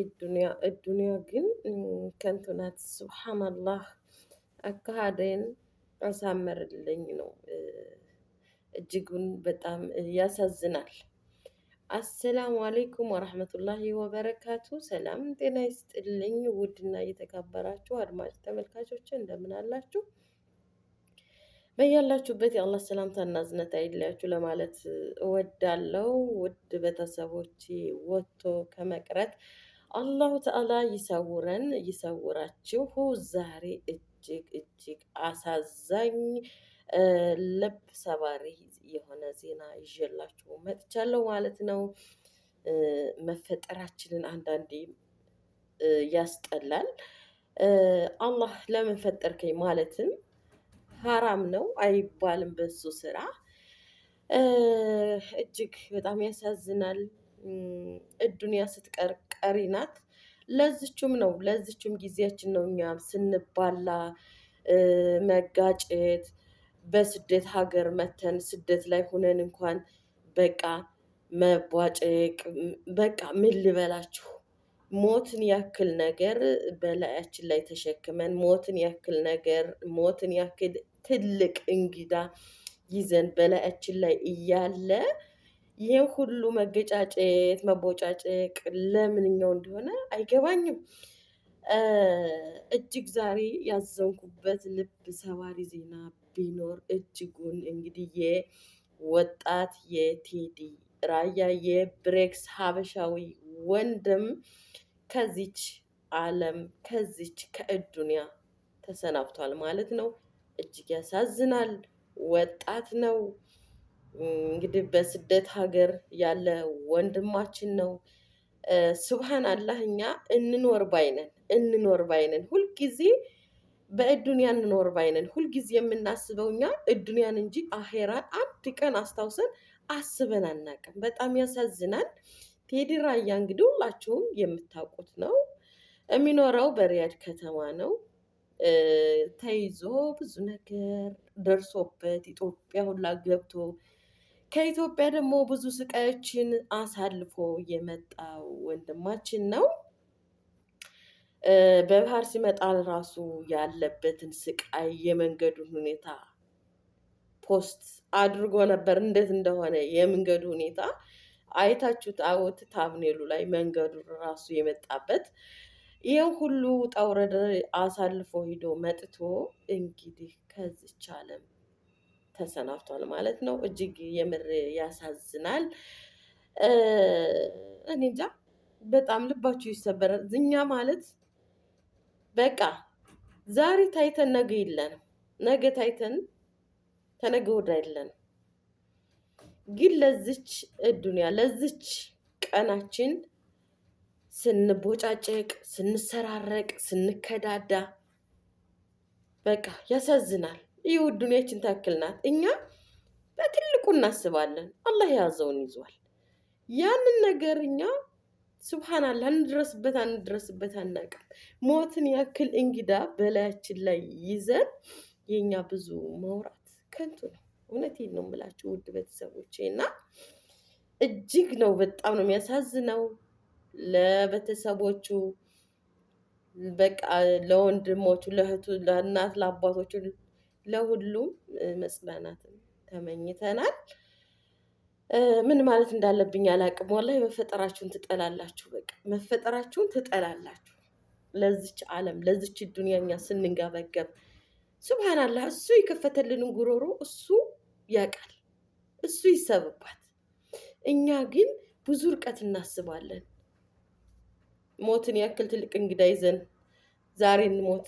እዱንያ ዱንያ ግን ከንቱ ናት። ሱብሓነላህ አካሄደን አሳመርልኝ ነው። እጅጉን በጣም ያሳዝናል። አሰላሙ አሌይኩም ወራህመቱላሂ ወበረካቱ። ሰላም ጤና ይስጥልኝ። ውድና እየተከበራችሁ አድማጭ ተመልካቾች እንደምን አላችሁ? በያላችሁበት የአላህ ሰላምታና እዝነት አይለያችሁ ለማለት እወዳለው። ውድ ቤተሰቦች ወጥቶ ከመቅረት አላሁ ተዓላ ይሰውረን፣ ይሰውራችሁ። ዛሬ እጅግ እጅግ አሳዛኝ ልብ ሰባሪ የሆነ ዜና ይዤላችሁ መጥቻለሁ ማለት ነው። መፈጠራችንን አንዳንዴ ያስጠላል። አላህ ለምን ፈጠርከኝ ማለትም ሀራም ነው አይባልም በሱ ስራ። እጅግ በጣም ያሳዝናል። እዱንያ ስትቀር ቀሪ ናት። ለዝቹም ነው ለዝቹም ጊዜያችን ነው እኛም ስንባላ መጋጨት በስደት ሀገር መተን ስደት ላይ ሆነን እንኳን በቃ መቧጨቅ በቃ ምን ልበላችሁ፣ ሞትን ያክል ነገር በላያችን ላይ ተሸክመን ሞትን ያክል ነገር ሞትን ያክል ትልቅ እንግዳ ይዘን በላያችን ላይ እያለ ይህን ሁሉ መገጫጨት መቦጫጨቅ ለምንኛው እንደሆነ አይገባኝም። እጅግ ዛሬ ያዘንኩበት ልብ ሰባሪ ዜና ቢኖር እጅጉን እንግዲህ የወጣት የቴዲ ራያ የብሬክስ ሀበሻዊ ወንድም ከዚች ዓለም ከዚች ከእዱንያ ተሰናብቷል ማለት ነው። እጅግ ያሳዝናል። ወጣት ነው እንግዲህ በስደት ሀገር ያለ ወንድማችን ነው። ስብሃን አላህ እኛ እንኖር ባይነን እንኖር ባይነን ሁልጊዜ በእዱንያ እንኖር ባይነን ሁልጊዜ የምናስበው እኛ እዱንያን እንጂ አሄራን አንድ ቀን አስታውሰን አስበን አናውቅም። በጣም ያሳዝናል። ቴዲ ራያ እንግዲህ ሁላችሁም የምታውቁት ነው። የሚኖረው በሪያድ ከተማ ነው። ተይዞ ብዙ ነገር ደርሶበት ኢትዮጵያ ሁላ ገብቶ ከኢትዮጵያ ደግሞ ብዙ ስቃዮችን አሳልፎ የመጣው ወንድማችን ነው። በባህር ሲመጣ ራሱ ያለበትን ስቃይ የመንገዱን ሁኔታ ፖስት አድርጎ ነበር። እንዴት እንደሆነ የመንገዱ ሁኔታ አይታችሁት አወት ታብኔሉ ላይ መንገዱ ራሱ የመጣበት ይሄው ሁሉ ውጣ ውረድ አሳልፎ ሂዶ መጥቶ እንግዲህ ከዚች ዓለም ተሰናብቷል ማለት ነው። እጅግ የምር ያሳዝናል። እኔ እንጃ በጣም ልባችሁ ይሰበራል። እኛ ማለት በቃ ዛሬ ታይተን ነገ የለንም፣ ነገ ታይተን ተነገ ወዳ የለንም። ግን ለዚች እዱንያ ለዚች ቀናችን ስንቦጫጨቅ፣ ስንሰራረቅ፣ ስንከዳዳ በቃ ያሳዝናል። ይህ ዱንያችን ታክል ናት። እኛ በትልቁ እናስባለን፣ አላህ የያዘውን ይዟል። ያንን ነገር እኛ ስብሓናላ እንድረስበት አንድረስበት አናውቅም። ሞትን ያክል እንግዳ በላያችን ላይ ይዘን የእኛ ብዙ ማውራት ከንቱ ነው። እውነቴን ነው የምላችሁ ውድ ቤተሰቦቼ እና እጅግ ነው በጣም ነው የሚያሳዝነው። ለቤተሰቦቹ በቃ ለወንድሞቹ፣ ለእህቱ፣ ለእናት፣ ለአባቶቹ ለሁሉም መጽናናትን ተመኝተናል። ምን ማለት እንዳለብኝ አላቅም። ወላሂ መፈጠራችሁን ትጠላላችሁ። በቃ መፈጠራችሁን ትጠላላችሁ። ለዚች ዓለም ለዚች ዱንያኛ ስንንገበገብ ሱብሃናላህ፣ እሱ የከፈተልንን ጉሮሮ እሱ ያውቃል፣ እሱ ይሰብባት። እኛ ግን ብዙ እርቀት እናስባለን። ሞትን ያክል ትልቅ እንግዳ ይዘን ዛሬ እንሞት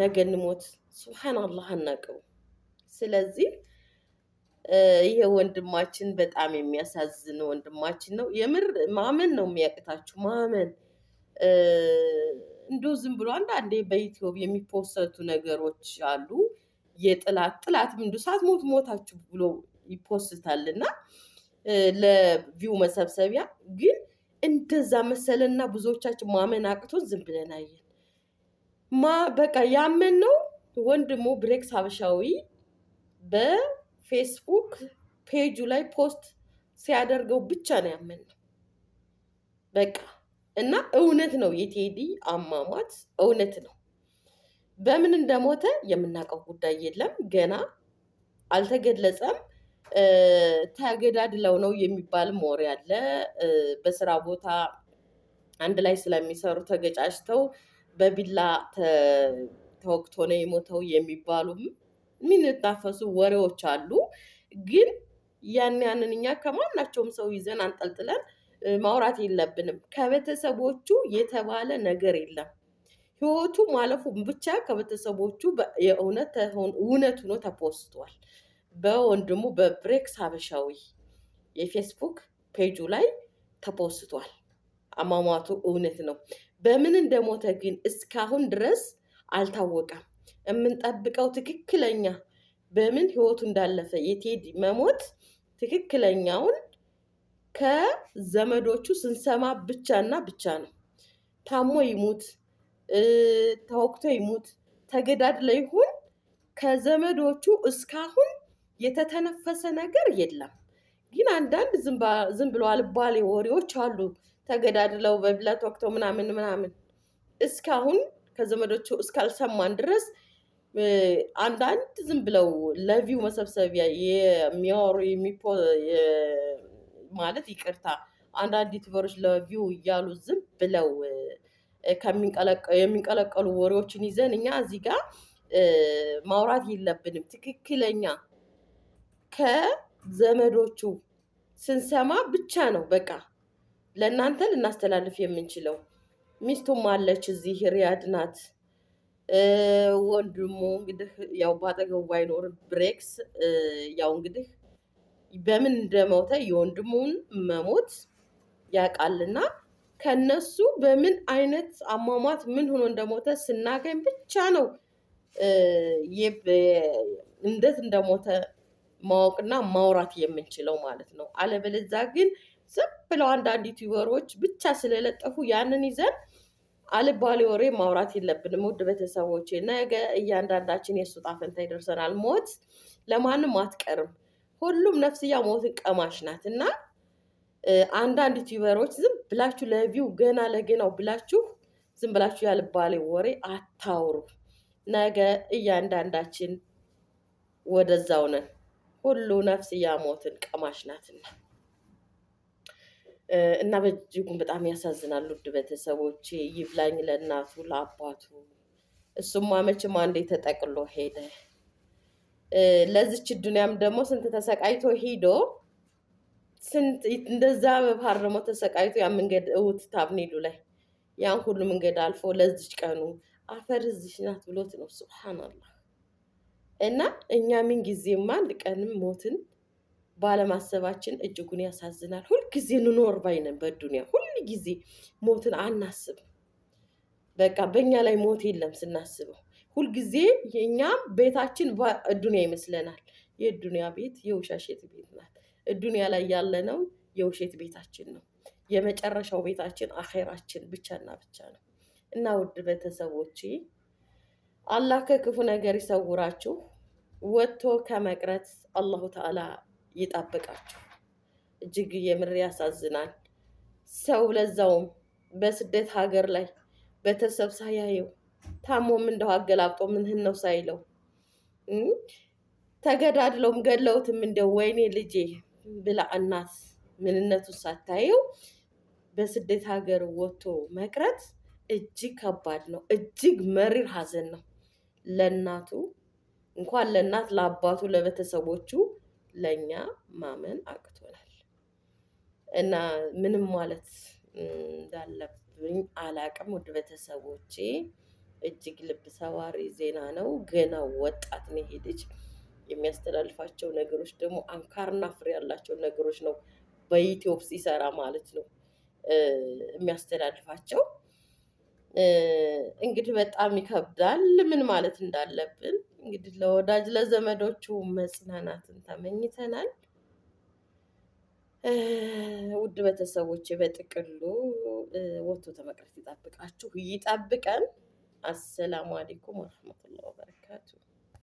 ነገ እንሞት፣ ስብሓን አላህ አናውቅም። ስለዚህ ይሄ ወንድማችን በጣም የሚያሳዝን ወንድማችን ነው። የምር ማመን ነው የሚያቅታችሁ ማመን እንዲሁ ዝም ብሎ አንዳንዴ በኢትዮብ የሚፖሰቱ ነገሮች አሉ። የጥላት ጥላት ምንዱ ሞት ሞታችሁ ብሎ ይፖስታልና ለቪው መሰብሰቢያ ግን እንደዛ መሰለና ብዙዎቻችን ማመን አቅቶ ዝም ብለን አየን። ማ በቃ ያመን ነው ወንድሙ ብሬክስ ሀበሻዊ በፌስቡክ ፔጁ ላይ ፖስት ሲያደርገው ብቻ ነው ያመን ነው በቃ እና እውነት ነው የቴዲ አሟሟት እውነት ነው። በምን እንደሞተ የምናውቀው ጉዳይ የለም ገና አልተገለጸም። ተገዳድለው ነው የሚባል ወሬ አለ። በስራ ቦታ አንድ ላይ ስለሚሰሩ ተገጫጭተው በቢላ ተወቅቶ ነው የሞተው የሚባሉ የሚንታፈሱ ወሬዎች አሉ። ግን ያን ያንን እኛ ከማናቸውም ሰው ይዘን አንጠልጥለን ማውራት የለብንም። ከቤተሰቦቹ የተባለ ነገር የለም። ህይወቱ ማለፉ ብቻ ከቤተሰቦቹ የእውነት እውነት ሆኖ ተፖስቷል። በወንድሙ በብሬክስ ሀበሻዊ የፌስቡክ ፔጁ ላይ ተፖስቷል። አሟሟቱ እውነት ነው። በምን እንደሞተ ግን እስካሁን ድረስ አልታወቀም። የምንጠብቀው ትክክለኛ በምን ህይወቱ እንዳለፈ የቴዲ መሞት ትክክለኛውን ከዘመዶቹ ስንሰማ እና ብቻ ነው። ታሞ ይሙት፣ ተወቅቶ ይሙት፣ ተገዳድሎ ይሁን ከዘመዶቹ እስካሁን የተተነፈሰ ነገር የለም። ግን አንዳንድ ዝም ብሎ አልባሌ ወሬዎች አሉ። ተገዳድለው በብላት ወቅተው ምናምን ምናምን እስካሁን ከዘመዶቹ እስካልሰማን ድረስ አንዳንድ ዝም ብለው ለቪው መሰብሰቢያ የሚያወሩ ማለት ይቅርታ፣ አንዳንድ ዩቲዩበሮች ለቪው እያሉ ዝም ብለው የሚንቀለቀሉ ወሬዎችን ይዘን እኛ እዚህ ጋር ማውራት የለብንም። ትክክለኛ ከዘመዶቹ ስንሰማ ብቻ ነው በቃ ለእናንተ ልናስተላልፍ የምንችለው። ሚስቱም አለች እዚህ ሪያድ ናት። ወንድሙ እንግዲህ ያው ባጠገቡ ባይኖር ብሬክስ ያው እንግዲህ በምን እንደሞተ የወንድሙን መሞት ያውቃልና ከነሱ በምን አይነት አሟሟት ምን ሆኖ እንደሞተ ስናገኝ ብቻ ነው እንዴት እንደሞተ ማወቅና ማውራት የምንችለው ማለት ነው። አለበለዛ ግን ዝም ብለው አንዳንድ ዩቲዩበሮች ብቻ ስለለጠፉ ያንን ይዘን አልባሌ ወሬ ማውራት የለብንም። ውድ ቤተሰቦቼ ነገ እያንዳንዳችን የእሱ ጣፈንታ ይደርሰናል። ሞት ለማንም አትቀርም። ሁሉም ነፍስያ ሞትን ቀማሽ ናት እና አንዳንድ ዩቲዩበሮች ዝም ብላችሁ ለቪው ገና ለገናው ብላችሁ ዝም ብላችሁ ያልባሌ ወሬ አታውሩ። ነገ እያንዳንዳችን ወደዛው ነን። ሁሉ ነፍስ እያሞትን ቀማሽ ናትና እና በእጅጉም በጣም ያሳዝናሉ። ውድ ቤተሰቦች ይብላኝ ለእናቱ ለአባቱ። እሱማ መቼም አንዴ ተጠቅሎ ሄደ። ለዚች ዱንያም ደግሞ ስንት ተሰቃይቶ ሂዶ ስንት እንደዛ በባህር ደግሞ ተሰቃይቶ ያ መንገድ እውት ታብኒሉ ላይ ያን ሁሉ መንገድ አልፎ ለዚች ቀኑ አፈር እዚች ናት ብሎት ነው። ሱብሃናላህ እና እኛ ምን ጊዜማ አንድ ቀንም ሞትን ባለማሰባችን እጅጉን ያሳዝናል። ሁልጊዜ እንኖር ባይነን በዱንያ ሁል ጊዜ ሞትን አናስብም። በቃ በእኛ ላይ ሞት የለም ስናስበው ሁልጊዜ የእኛም ቤታችን እዱኒያ ይመስለናል። የዱኒያ ቤት የውሻሸት ቤት ናት። እዱንያ ላይ ያለነው የውሸት ቤታችን ነው። የመጨረሻው ቤታችን አኼራችን ብቻና ብቻ ነው እና ውድ ቤተሰቦቼ አላህ ከክፉ ነገር ይሰውራችሁ፣ ወጥቶ ከመቅረት አላሁ ተዓላ ይጠብቃችሁ። እጅግ የምር ያሳዝናል። ሰው ለዛውም በስደት ሀገር ላይ ቤተሰብ ሳያየው ታሞም እንደው አገላብጦ ምንህን ነው ሳይለው ተገዳድለውም ገለውትም እንደው ወይኔ ልጄ ብላ እናት ምንነቱን ሳታየው በስደት ሀገር ወጥቶ መቅረት እጅግ ከባድ ነው። እጅግ መሪር ሀዘን ነው። ለእናቱ እንኳን ለእናት ለአባቱ፣ ለቤተሰቦቹ ለእኛ ማመን አቅቶናል። እና ምንም ማለት እንዳለብኝ አላቅም። ውድ ቤተሰቦቼ እጅግ ልብ ሰባሪ ዜና ነው። ገና ወጣት ነው ይሄ ልጅ። የሚያስተላልፋቸው ነገሮች ደግሞ አንካርና ፍሬ ያላቸው ነገሮች ነው። በኢትዮፕ ሲሰራ ማለት ነው የሚያስተላልፋቸው እንግዲህ በጣም ይከብዳል። ምን ማለት እንዳለብን እንግዲህ ለወዳጅ ለዘመዶቹ መጽናናትን ተመኝተናል። ውድ ቤተሰቦች በጥቅሉ ወቶ ተመቅረት ይጠብቃችሁ ይጠብቀን። አሰላሙ አሌይኩም ወረሕመቱላሂ ወበረካቱ።